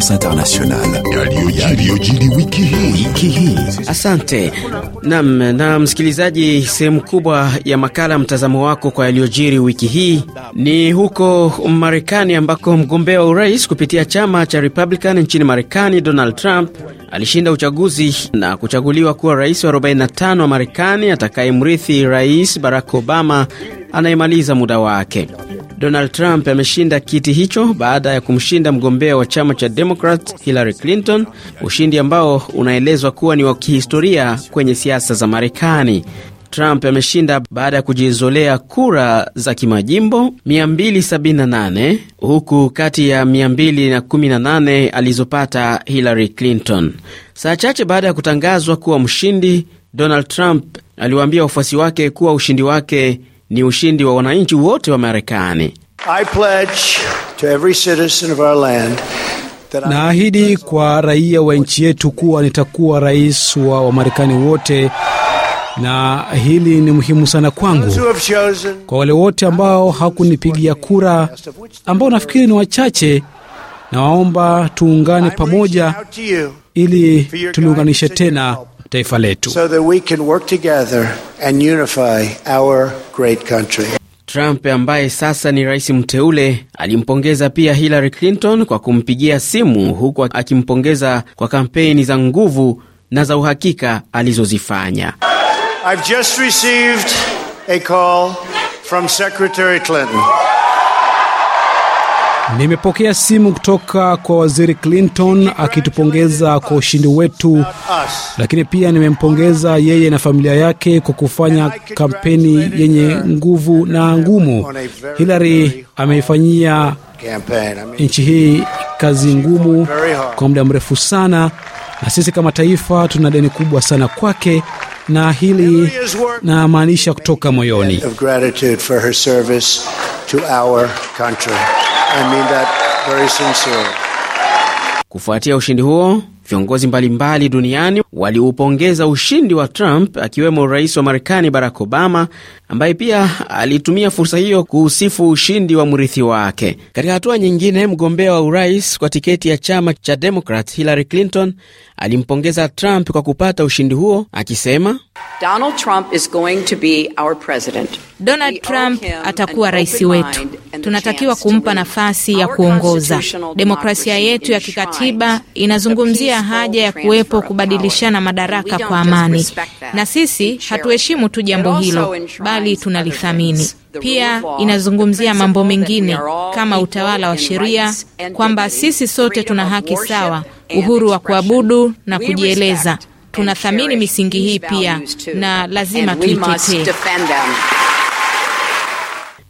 Conférence internationale Asante nam na msikilizaji, sehemu kubwa ya makala mtazamo wako kwa yaliyojiri wiki hii ni huko Marekani ambako mgombea wa urais kupitia chama cha Republican nchini Marekani Donald Trump alishinda uchaguzi na kuchaguliwa kuwa rais wa 45 wa Marekani atakayemrithi Rais Barack Obama anayemaliza muda wake. Donald Trump ameshinda kiti hicho baada ya kumshinda mgombea wa chama cha demokrat Hillary Clinton, ushindi ambao unaelezwa kuwa ni wa kihistoria kwenye siasa za Marekani. Trump ameshinda baada ya kujizolea kura za kimajimbo 278 huku kati ya 218 alizopata Hillary Clinton. Saa chache baada ya kutangazwa kuwa mshindi, Donald Trump aliwaambia wafuasi wake kuwa ushindi wake ni ushindi wa wananchi wote wa Marekani. Naahidi kwa raia wa nchi yetu kuwa nitakuwa rais wa Wamarekani wote, na hili ni muhimu sana kwangu. Kwa wale wote ambao hakunipigia kura, ambao nafikiri ni wachache, nawaomba tuungane pamoja ili tuliunganishe tena taifa letu. So that we can work together and unify our great country. Trump ambaye sasa ni rais mteule alimpongeza pia Hillary Clinton kwa kumpigia simu huku akimpongeza kwa kampeni za nguvu na za uhakika alizozifanya. I've just received a call from Secretary Clinton. Nimepokea simu kutoka kwa Waziri Clinton akitupongeza kwa ushindi wetu, lakini pia nimempongeza yeye na familia yake kwa kufanya kampeni yenye nguvu na ngumu. Hillary ameifanyia nchi hii kazi ngumu kwa muda mrefu sana, na sisi kama taifa tuna deni kubwa sana kwake, na hili namaanisha kutoka moyoni. I mean that very sincerely. Kufuatia ushindi huo, viongozi mbalimbali duniani waliupongeza ushindi wa Trump, akiwemo rais wa Marekani Barack Obama ambaye pia alitumia fursa hiyo kuusifu ushindi wa mrithi wake. Katika hatua nyingine, mgombea wa urais kwa tiketi ya chama cha Demokrat Hillary Clinton alimpongeza Trump kwa kupata ushindi huo akisema, Donald Trump is going to be our president. Donald Trump atakuwa rais wetu. Tunatakiwa kumpa nafasi ya kuongoza. Demokrasia yetu ya kikatiba inazungumzia haja ya kuwepo kubadilisha kubadilishana madaraka kwa amani, na sisi hatuheshimu tu jambo hilo, bali tunalithamini pia. Inazungumzia mambo mengine kama utawala wa sheria, kwamba sisi sote tuna haki sawa, uhuru wa kuabudu na kujieleza. Tunathamini misingi hii pia na lazima tuitetee.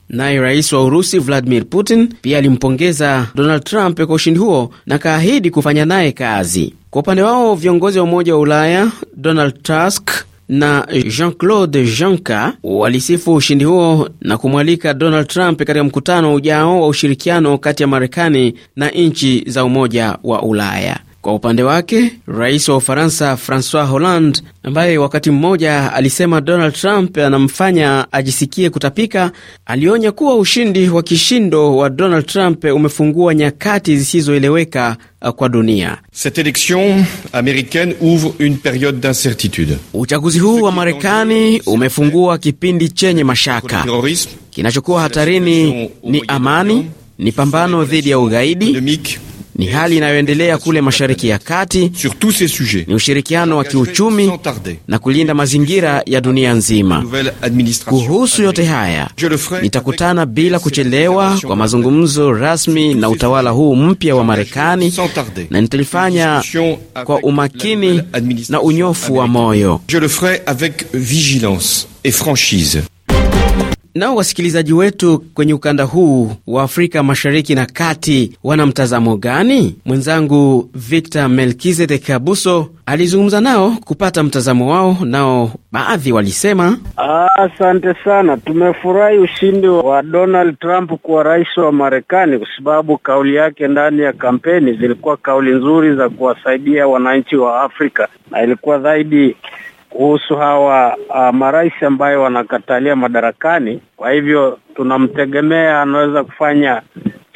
Naye rais wa Urusi Vladimir Putin pia alimpongeza Donald Trump kwa ushindi huo na kaahidi kufanya naye kazi. Kwa upande wao viongozi wa Umoja wa Ulaya Donald Tusk na Jean-Claude Juncker walisifu ushindi huo na kumwalika Donald Trump katika mkutano ujao wa ushirikiano kati ya Marekani na nchi za Umoja wa Ulaya. Kwa upande wake, rais wa Ufaransa Francois Hollande, ambaye wakati mmoja alisema Donald Trump anamfanya ajisikie kutapika, alionya kuwa ushindi wa kishindo wa Donald Trump umefungua nyakati zisizoeleweka uh, kwa dunia. Cette election americaine ouvre une periode d'incertitude. Uchaguzi huu wa Marekani umefungua kipindi chenye mashaka. Kinachokuwa hatarini ni amani, ni pambano dhidi ya ugaidi ni hali inayoendelea kule Mashariki ya Kati, ni ushirikiano wa kiuchumi na kulinda mazingira ya dunia nzima. Kuhusu yote haya, nitakutana bila kuchelewa kwa mazungumzo rasmi na utawala huu mpya wa Marekani, na nitalifanya kwa umakini na unyofu wa moyo. Nao wasikilizaji wetu kwenye ukanda huu wa Afrika Mashariki na Kati wana mtazamo gani? Mwenzangu Victor Melkizedek Abuso alizungumza nao kupata mtazamo wao, nao baadhi walisema asante sana, tumefurahi ushindi wa Donald Trump kuwa rais wa Marekani kwa sababu kauli yake ndani ya kampeni zilikuwa kauli nzuri za kuwasaidia wananchi wa Afrika na ilikuwa zaidi kuhusu hawa uh, marais ambayo wanakatalia madarakani. Kwa hivyo tunamtegemea anaweza kufanya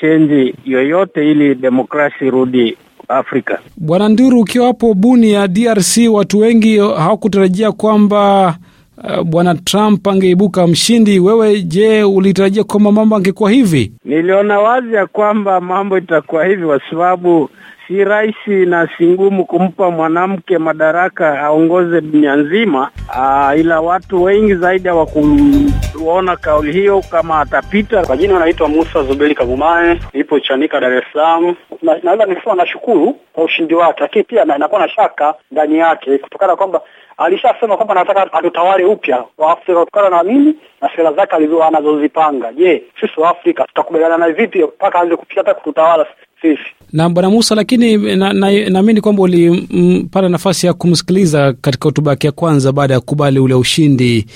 chenji yoyote ili demokrasi irudi Afrika. Bwana Nduru, ukiwa hapo Buni ya DRC, watu wengi hawakutarajia kwamba Eh, bwana Trump angeibuka mshindi, wewe je, ulitarajia kwamba mambo angekuwa hivi? Niliona wazi ya kwamba mambo itakuwa hivi kwa sababu si rahisi na si ngumu kumpa mwanamke madaraka aongoze dunia nzima. Ah, ila watu wengi zaidi hawakuona kauli hiyo kama atapita. Kwa jina anaitwa Musa Zubeli Kagumae, nipo Chanika, Dar es Salaam. Naweza nikasema nashukuru kwa ushindi wake, lakini pia nakuwa na, na shaka ndani yake kutokana na kwamba alishasema kwamba nataka atutawale upya wa Afrika kutokana na nini na sera zake alizo anazozipanga. Je, sisi wa Afrika tutakubaliana na vipi mpaka aanze kufikia hata kututawala sisi? Na bwana Musa, lakini naamini na, na kwamba ulipata nafasi ya kumsikiliza katika hotuba yake ya kwanza baada ya kukubali ule ushindi.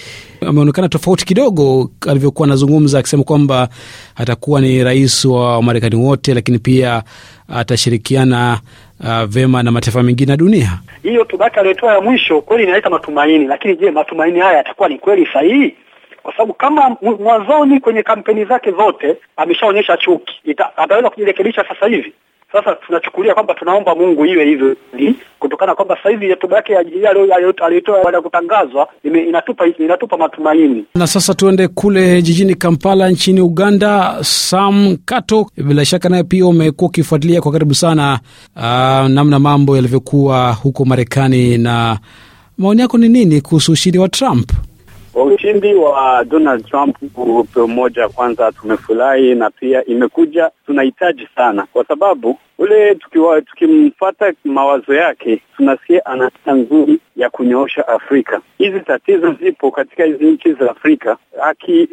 Ameonekana tofauti kidogo alivyokuwa anazungumza, akisema kwamba atakuwa ni rais wa Wamarekani wote, lakini pia atashirikiana uh, vema na mataifa mengine ya dunia. Hiyo tubaka aliyotoa ya mwisho kweli inaleta matumaini, lakini je, matumaini haya yatakuwa ni kweli sahihi? Kwa sababu kama mwanzoni kwenye kampeni zake zote ameshaonyesha chuki, ataweza kujirekebisha sasa hivi? Sasa tunachukulia kwamba tunaomba Mungu iwe hivyo kutokana kwamba sasa hivi hotuba yake aliyotoa baada ya kutangazwa inatupa inatupa matumaini. Na sasa tuende kule jijini Kampala nchini Uganda. Sam Kato, bila shaka naye pia umekuwa ukifuatilia kwa karibu sana uh, namna mambo yalivyokuwa huko Marekani, na maoni yako ni nini kuhusu ushindi wa Trump? Kwa ushindi wa Donald Trump upe mmoja kwanza, tumefurahi na pia imekuja tunahitaji sana, kwa sababu ule tukiwa tukimfuata mawazo yake tunasikia ana nia nzuri ya kunyoosha Afrika. Hizi tatizo zipo katika hizi nchi za Afrika,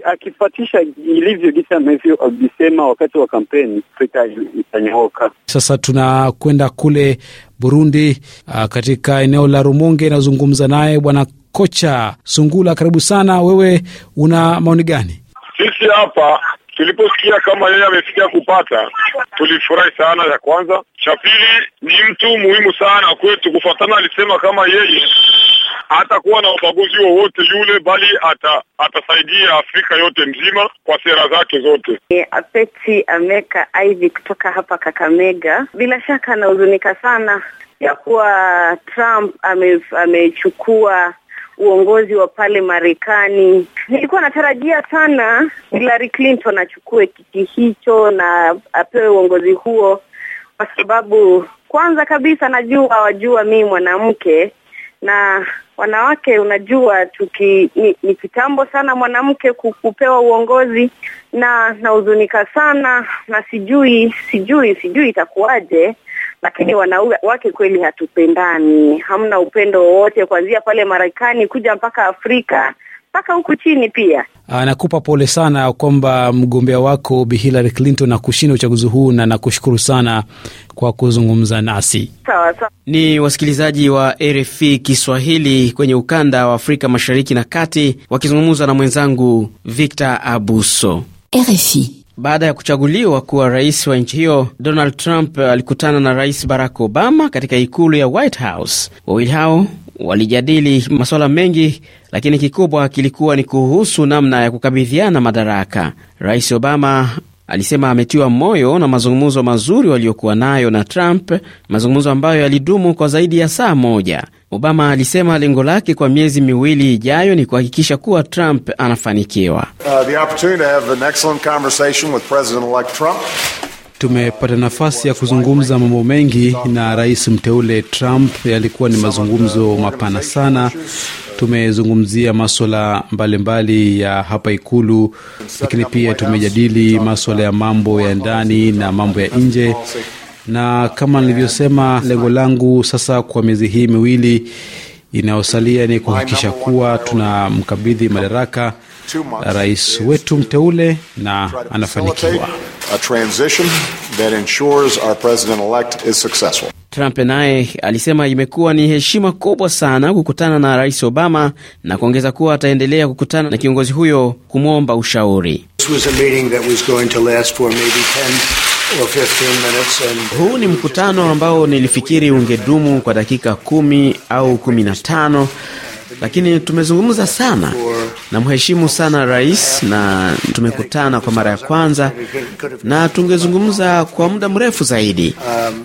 akifatisha aki ilivyo gisi amesema wakati wa kampeni, Afrika itanyooka. Sasa tunakwenda kule Burundi, ah, katika eneo la Rumonge, inazungumza naye bwana kocha Sungula, karibu sana. Wewe una maoni gani? Sisi hapa tuliposikia kama yeye amefikia kupata, tulifurahi sana. Ya kwanza, cha pili ni mtu muhimu sana kwetu, kufuatana alisema kama yeye hatakuwa na ubaguzi wowote yule, bali ata, atasaidia Afrika yote mzima kwa sera zake zote. Ni Apeti Ameka Ivy kutoka hapa Kakamega, bila shaka anahuzunika sana ya kuwa Trump amechukua uongozi wa pale Marekani. Nilikuwa natarajia sana Hillary Clinton achukue kiti hicho na apewe uongozi huo, kwa sababu kwanza kabisa najua wajua, mi mwanamke na wanawake, unajua tuki ni, ni kitambo sana mwanamke kupewa uongozi, na nahuzunika sana na sijui sijui sijui itakuwaje lakini wake kweli hatupendani, hamna upendo wowote, kuanzia pale Marekani kuja mpaka Afrika mpaka huku chini pia. Ah, nakupa pole sana kwamba mgombea wako Bi Hillary Clinton akushinda uchaguzi huu, na nakushukuru sana kwa kuzungumza nasi. Sawa sawa. Ni wasikilizaji wa RFI Kiswahili kwenye ukanda wa Afrika Mashariki na Kati wakizungumza na mwenzangu Victor Abuso, RFI. Baada ya kuchaguliwa kuwa rais wa nchi hiyo, Donald Trump alikutana na Rais Barack Obama katika ikulu ya White House. Wawili hao walijadili masuala mengi, lakini kikubwa kilikuwa ni kuhusu namna ya kukabidhiana madaraka. Rais Obama alisema ametiwa moyo na mazungumzo mazuri waliokuwa nayo na Trump, mazungumzo ambayo yalidumu kwa zaidi ya saa moja. Obama alisema lengo lake kwa miezi miwili ijayo ni kuhakikisha kuwa Trump anafanikiwa. Uh, tumepata nafasi ya kuzungumza mambo mengi na rais mteule Trump. Yalikuwa ni mazungumzo mapana sana. Tumezungumzia maswala mbalimbali ya hapa Ikulu, lakini pia tumejadili maswala ya mambo ya ndani na mambo ya nje na kama nilivyosema, lengo langu sasa kwa miezi hii miwili inayosalia ni kuhakikisha kuwa tunamkabidhi madaraka rais wetu mteule na anafanikiwa. Trump naye alisema imekuwa ni heshima kubwa sana kukutana na rais Obama na kuongeza kuwa ataendelea kukutana na kiongozi huyo kumwomba ushauri. This was a huu ni mkutano ambao nilifikiri ungedumu kwa dakika kumi au kumi na tano lakini tumezungumza sana namheshimu sana rais, na tumekutana kwa mara ya kwanza, na tungezungumza kwa muda mrefu zaidi.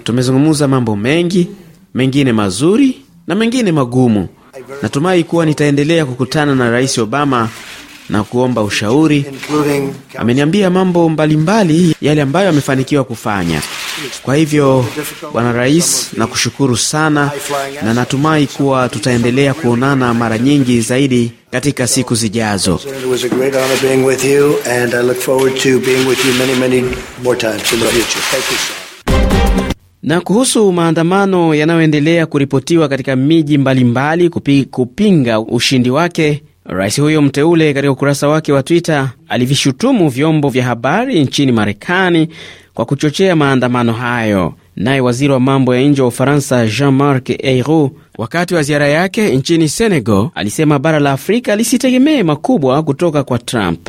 Tumezungumza mambo mengi, mengine mazuri na mengine magumu. Natumai kuwa nitaendelea kukutana na Rais Obama na kuomba ushauri. Ameniambia mambo mbalimbali yale ambayo amefanikiwa kufanya. Kwa hivyo, Bwana Rais, nakushukuru sana na natumai kuwa tutaendelea kuonana mara nyingi zaidi katika siku zijazo. Na kuhusu maandamano yanayoendelea kuripotiwa katika miji mbalimbali kupi, kupinga ushindi wake, Rais huyo mteule katika ukurasa wake wa Twitter alivishutumu vyombo vya habari nchini Marekani kwa kuchochea maandamano hayo. Naye waziri wa mambo ya nje wa Ufaransa Jean-Marc eiro wakati wa ziara yake nchini Senegal, alisema bara la Afrika lisitegemee makubwa kutoka kwa Trump.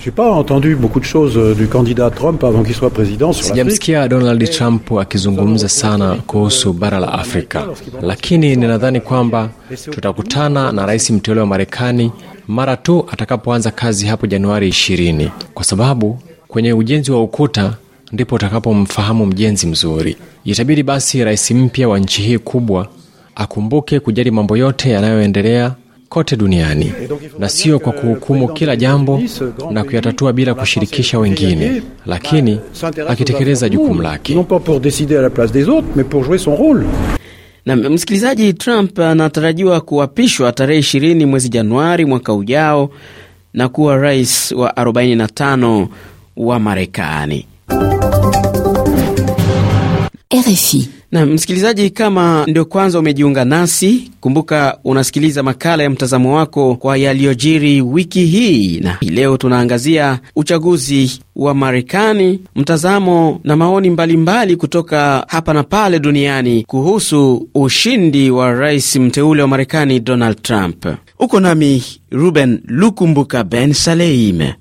J'ai pas entendu beaucoup de choses euh, du candidat Trump avant qu'il soit président. Sijamsikia Donald Trump akizungumza sana kuhusu bara la Afrika, lakini ninadhani kwamba tutakutana na rais mteule wa Marekani mara tu atakapoanza kazi hapo Januari 20 kwa sababu kwenye ujenzi wa ukuta ndipo utakapomfahamu mjenzi mzuri. Itabidi basi rais mpya wa nchi hii kubwa akumbuke kujali mambo yote yanayoendelea kote duniani na sio kwa kuhukumu kila jambo na kuyatatua bila kushirikisha wengine, lakini akitekeleza jukumu lake. Na msikilizaji, Trump anatarajiwa kuapishwa tarehe 20 mwezi Januari mwaka ujao na kuwa rais wa 45 wa Marekani. RFI na msikilizaji, kama ndio kwanza umejiunga nasi, kumbuka unasikiliza makala ya mtazamo wako kwa yaliyojiri wiki hii, na hii leo tunaangazia uchaguzi wa Marekani, mtazamo na maoni mbalimbali mbali kutoka hapa na pale duniani kuhusu ushindi wa rais mteule wa Marekani Donald Trump. Uko nami Ruben Lukumbuka Ben saleime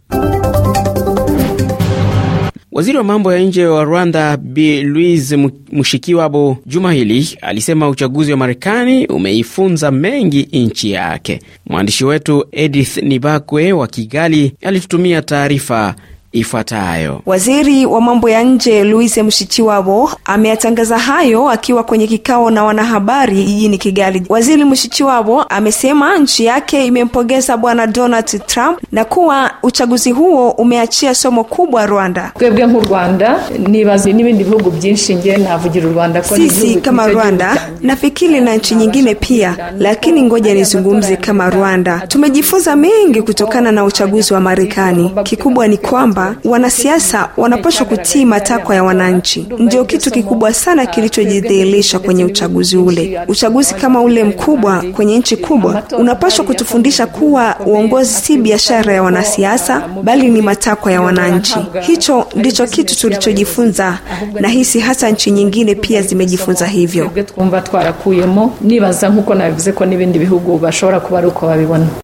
Waziri wa mambo ya nje wa Rwanda Bi Louise Mushikiwabo juma hili alisema uchaguzi wa Marekani umeifunza mengi nchi yake. Mwandishi wetu Edith Nibakwe wa Kigali alitutumia taarifa ifuatayo. Waziri wa mambo ya nje luise mshichiwabo ameyatangaza hayo akiwa kwenye kikao na wanahabari jijini Kigali. Waziri mshichiwabo amesema nchi yake imempongeza Bwana Donald Trump na kuwa uchaguzi huo umeachia somo kubwa Rwanda. twebwe nk'u Rwanda nibaze n'ibindi bihugu byinshi ngiye navugira u Rwanda sisi kama Rwanda nafikiri na nchi nyingine pia, lakini ngoja nizungumze kama Rwanda. Tumejifunza mengi kutokana na uchaguzi wa Marekani. Kikubwa ni kwamba wanasiasa wanapaswa kutii matakwa ya wananchi. Ndio kitu kikubwa sana kilichojidhihirisha kwenye uchaguzi ule. Uchaguzi kama ule mkubwa kwenye nchi kubwa unapaswa kutufundisha kuwa uongozi si biashara ya wanasiasa, bali ni matakwa ya wananchi. Hicho ndicho kitu tulichojifunza, na hisi hata nchi nyingine pia zimejifunza hivyo.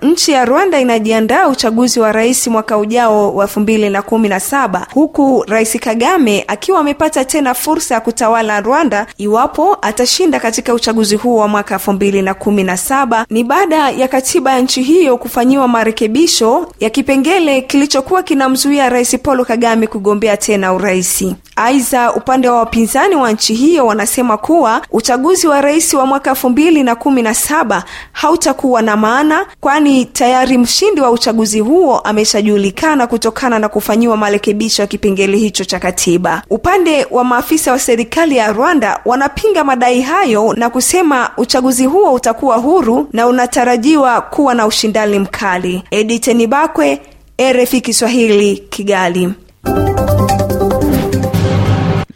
Nchi ya Rwanda inajiandaa uchaguzi wa rais mwaka ujao wa elfu mbili na kumi na saba huku Rais Kagame akiwa amepata tena fursa ya kutawala Rwanda iwapo atashinda katika uchaguzi huo wa mwaka elfu mbili na kumi na saba. Ni baada ya katiba ya nchi hiyo kufanyiwa marekebisho ya kipengele kilichokuwa kinamzuia Rais Paulo Kagame kugombea tena uraisi. Aidha, upande wa wapinzani wa nchi hiyo wanasema kuwa uchaguzi wa rais wa mwaka elfu mbili na kumi na saba hautakuwa na maana, kwani tayari mshindi wa uchaguzi huo ameshajulikana kutokana na kufanyiwa marekebisho ya kipengele hicho cha katiba. Upande wa maafisa wa serikali ya Rwanda wanapinga madai hayo na kusema uchaguzi huo utakuwa huru na unatarajiwa kuwa na ushindani mkali. Edith Nibakwe, RFI Kiswahili, Kigali.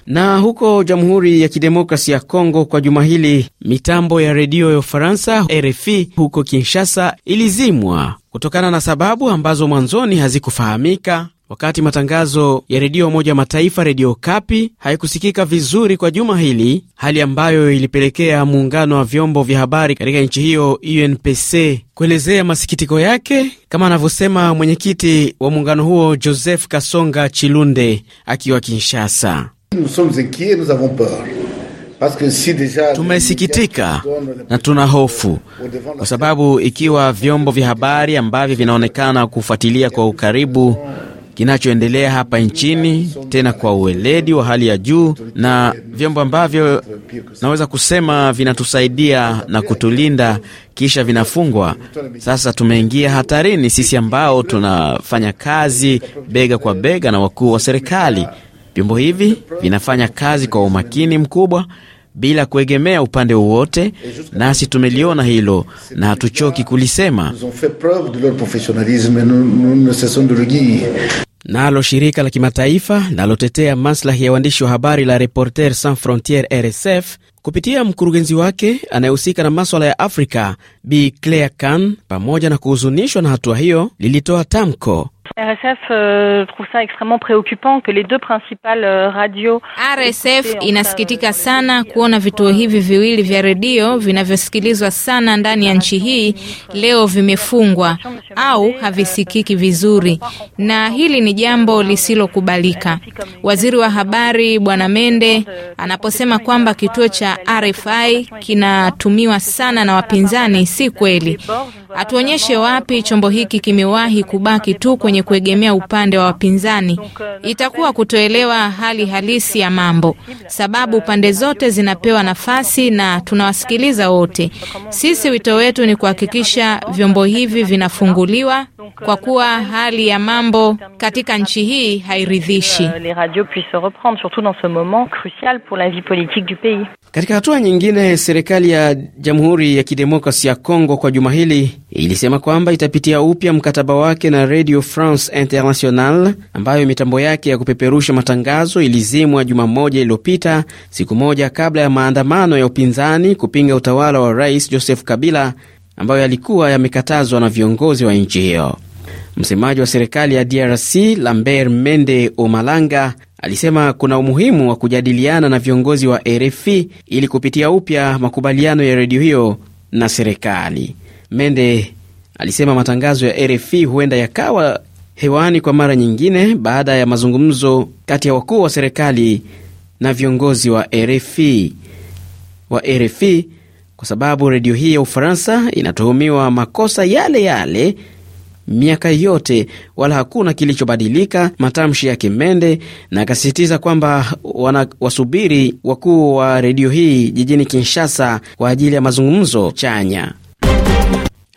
Na huko Jamhuri ya Kidemokrasi ya Kongo, kwa juma hili mitambo ya redio ya Ufaransa RFI huko Kinshasa ilizimwa kutokana na sababu ambazo mwanzoni hazikufahamika. Wakati matangazo ya redio ya Umoja Mataifa redio Kapi haikusikika vizuri kwa juma hili, hali ambayo ilipelekea muungano wa vyombo vya habari katika nchi hiyo UNPC kuelezea masikitiko yake, kama anavyosema mwenyekiti wa muungano huo Joseph Kasonga Chilunde akiwa Kinshasa. Tumesikitika na tuna hofu kwa sababu ikiwa vyombo vya habari ambavyo vinaonekana kufuatilia kwa ukaribu kinachoendelea hapa nchini, tena kwa uweledi wa hali ya juu, na vyombo ambavyo naweza kusema vinatusaidia na kutulinda, kisha vinafungwa, sasa tumeingia hatarini, sisi ambao tunafanya kazi bega kwa bega na wakuu wa serikali. Vyombo hivi vinafanya kazi kwa umakini mkubwa bila kuegemea upande wowote, nasi tumeliona hilo na hatuchoki kulisema. Nalo shirika la kimataifa linalotetea maslahi ya waandishi wa habari la Reporters Sans Frontieres RSF kupitia mkurugenzi wake anayehusika na maswala ya Afrika Bi Claire kan pamoja na kuhuzunishwa na hatua hiyo, lilitoa tamko RSF euh, trouve ça extrêmement préoccupant que les deux principales euh, radios RSF inasikitika sana euh, kuona vituo hivi viwili vya redio vinavyosikilizwa sana ndani ya nchi hii leo vimefungwa au havisikiki vizuri, na hili ni jambo lisilokubalika. Waziri wa habari Bwana Mende anaposema kwamba kituo cha RFI kinatumiwa sana na wapinzani, si kweli. Atuonyeshe wapi chombo hiki kimewahi kubaki tu kwenye kuegemea upande wa wapinzani itakuwa kutoelewa hali halisi ya mambo, sababu pande zote zinapewa nafasi na tunawasikiliza wote. Sisi wito wetu ni kuhakikisha vyombo hivi vinafunguliwa kwa kuwa hali ya mambo katika nchi hii hairidhishi. Katika hatua nyingine, serikali ya Jamhuri ya Kidemokrasi ya Kongo kwa juma hili ilisema kwamba itapitia upya mkataba wake na Radio France International ambayo mitambo yake ya kupeperusha matangazo ilizimwa juma moja iliyopita, siku moja kabla ya maandamano ya upinzani kupinga utawala wa Rais Joseph Kabila ambayo yalikuwa yamekatazwa na viongozi wa nchi hiyo. Msemaji wa serikali ya DRC Lambert Mende Omalanga alisema kuna umuhimu wa kujadiliana na viongozi wa RFI ili kupitia upya makubaliano ya redio hiyo na serikali. Mende alisema matangazo ya RFI huenda yakawa hewani kwa mara nyingine baada ya mazungumzo kati ya wakuu wa serikali na viongozi wa RFI wa RFI kwa sababu redio hii ya Ufaransa inatuhumiwa makosa yale yale miaka yote, wala hakuna kilichobadilika matamshi ya Kimende, na akasisitiza kwamba wanawasubiri wakuu wa redio hii jijini Kinshasa kwa ajili ya mazungumzo chanya.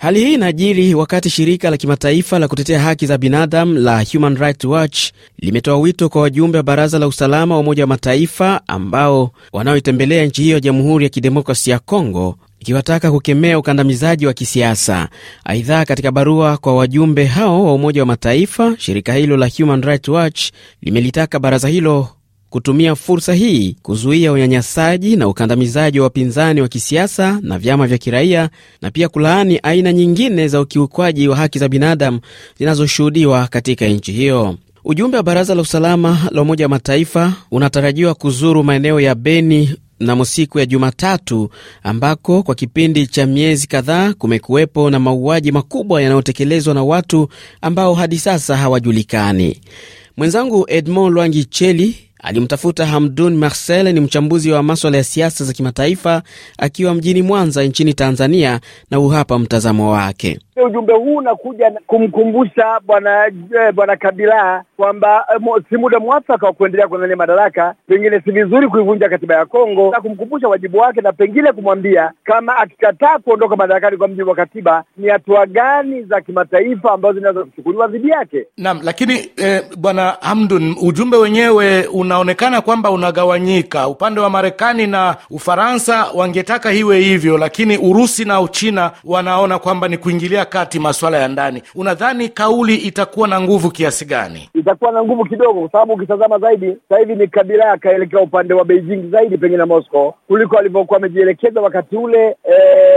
Hali hii inajiri wakati shirika la kimataifa la kutetea haki za binadamu la Human Rights Watch limetoa wito kwa wajumbe wa baraza la usalama wa Umoja wa Mataifa ambao wanaoitembelea nchi hiyo ya Jamhuri ya Kidemokrasi ya Kongo ikiwataka kukemea ukandamizaji wa kisiasa. Aidha, katika barua kwa wajumbe hao wa Umoja wa Mataifa, shirika hilo la Human Rights Watch limelitaka baraza hilo kutumia fursa hii kuzuia unyanyasaji na ukandamizaji wa wapinzani wa kisiasa na vyama vya kiraia na pia kulaani aina nyingine za ukiukwaji wa haki za binadamu zinazoshuhudiwa katika nchi hiyo. Ujumbe wa Baraza la Usalama la Umoja wa Mataifa unatarajiwa kuzuru maeneo ya Beni na siku ya Jumatatu ambako kwa kipindi cha miezi kadhaa kumekuwepo na mauaji makubwa yanayotekelezwa na watu ambao hadi sasa hawajulikani. Mwenzangu Edmond Lwangi Cheli alimtafuta Hamdun Marcel, ni mchambuzi wa maswala ya siasa za kimataifa akiwa mjini Mwanza nchini Tanzania, na uhapa mtazamo wake. Ujumbe huu unakuja kumkumbusha bwana eh, bwana Kabila kwamba eh, si muda mwafaka wa kuendelea kuangania madaraka, pengine si vizuri kuivunja katiba ya Kongo na kumkumbusha wajibu wake, na pengine kumwambia kama akikataa kuondoka madarakani kwa mujibu wa katiba, ni hatua gani za kimataifa ambazo zinaweza kuchukuliwa dhidi yake. Naam, lakini eh, bwana Hamdun, ujumbe wenyewe una unaonekana kwamba unagawanyika. Upande wa Marekani na Ufaransa wangetaka hiwe hivyo, lakini Urusi na Uchina wanaona kwamba ni kuingilia kati masuala ya ndani. Unadhani kauli itakuwa na nguvu kiasi gani? Itakuwa na nguvu kidogo, kwa sababu ukitazama zaidi sasa hivi ni Kabila yakaelekea upande wa Beijing zaidi pengine na Moscow kuliko alivyokuwa amejielekeza wakati ule e,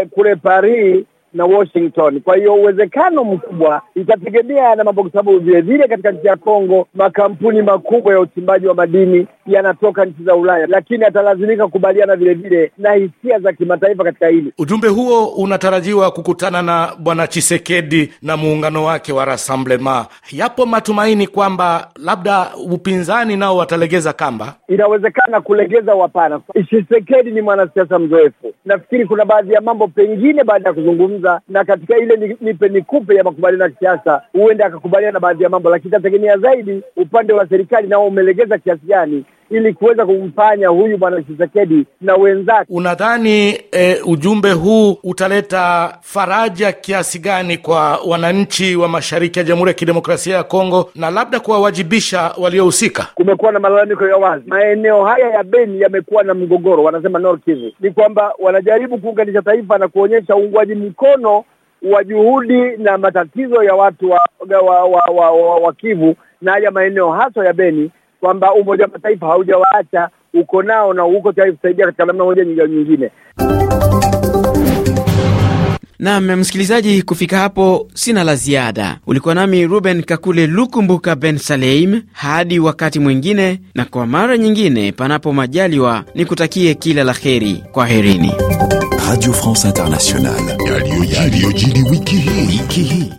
kule Paris na Washington. Kwa hiyo uwezekano mkubwa itategemea na mambo, kwa sababu vilevile katika nchi ya Kongo makampuni makubwa ya uchimbaji wa madini yanatoka nchi za Ulaya, lakini atalazimika kukubaliana vilevile na hisia za kimataifa katika hili. Ujumbe huo unatarajiwa kukutana na Bwana Chisekedi na muungano wake wa Rassemblement. Yapo matumaini kwamba labda upinzani nao watalegeza kamba, inawezekana kulegeza wapana. Chisekedi ni mwanasiasa mzoefu, nafikiri kuna baadhi ya mambo pengine baada ya kuzungumza kuzungumza na katika ile nipe nikupe ya makubaliano ya kisiasa, huenda akakubaliana na baadhi ya mambo, lakini itategemea zaidi upande wa serikali nao umelegeza kiasi gani ili kuweza kumfanya huyu bwana Chisekedi na wenzake. Unadhani e, ujumbe huu utaleta faraja kiasi gani kwa wananchi wa mashariki ya Jamhuri ya Kidemokrasia ya Kongo na labda kuwawajibisha waliohusika? Kumekuwa na malalamiko ya wazi, maeneo haya ya Beni yamekuwa na mgogoro, wanasema North Kivu. Ni kwamba wanajaribu kuunganisha taifa na kuonyesha uungwaji mkono wa juhudi na matatizo ya watu wa, wa, wa, wa, wa, wa Kivu na haya maeneo haswa ya Beni kwamba Umoja wa Mataifa haujawaacha, uko nao na uko tayari kusaidia katika namna moja nyingine. nam msikilizaji, kufika hapo sina la ziada. Ulikuwa nami Ruben Kakule Lukumbuka Ben Saleim, hadi wakati mwingine, na kwa mara nyingine, panapo majaliwa, nikutakie kila la heri. Kwa herini. Radio France Internationale, yaliyojiri wiki hii.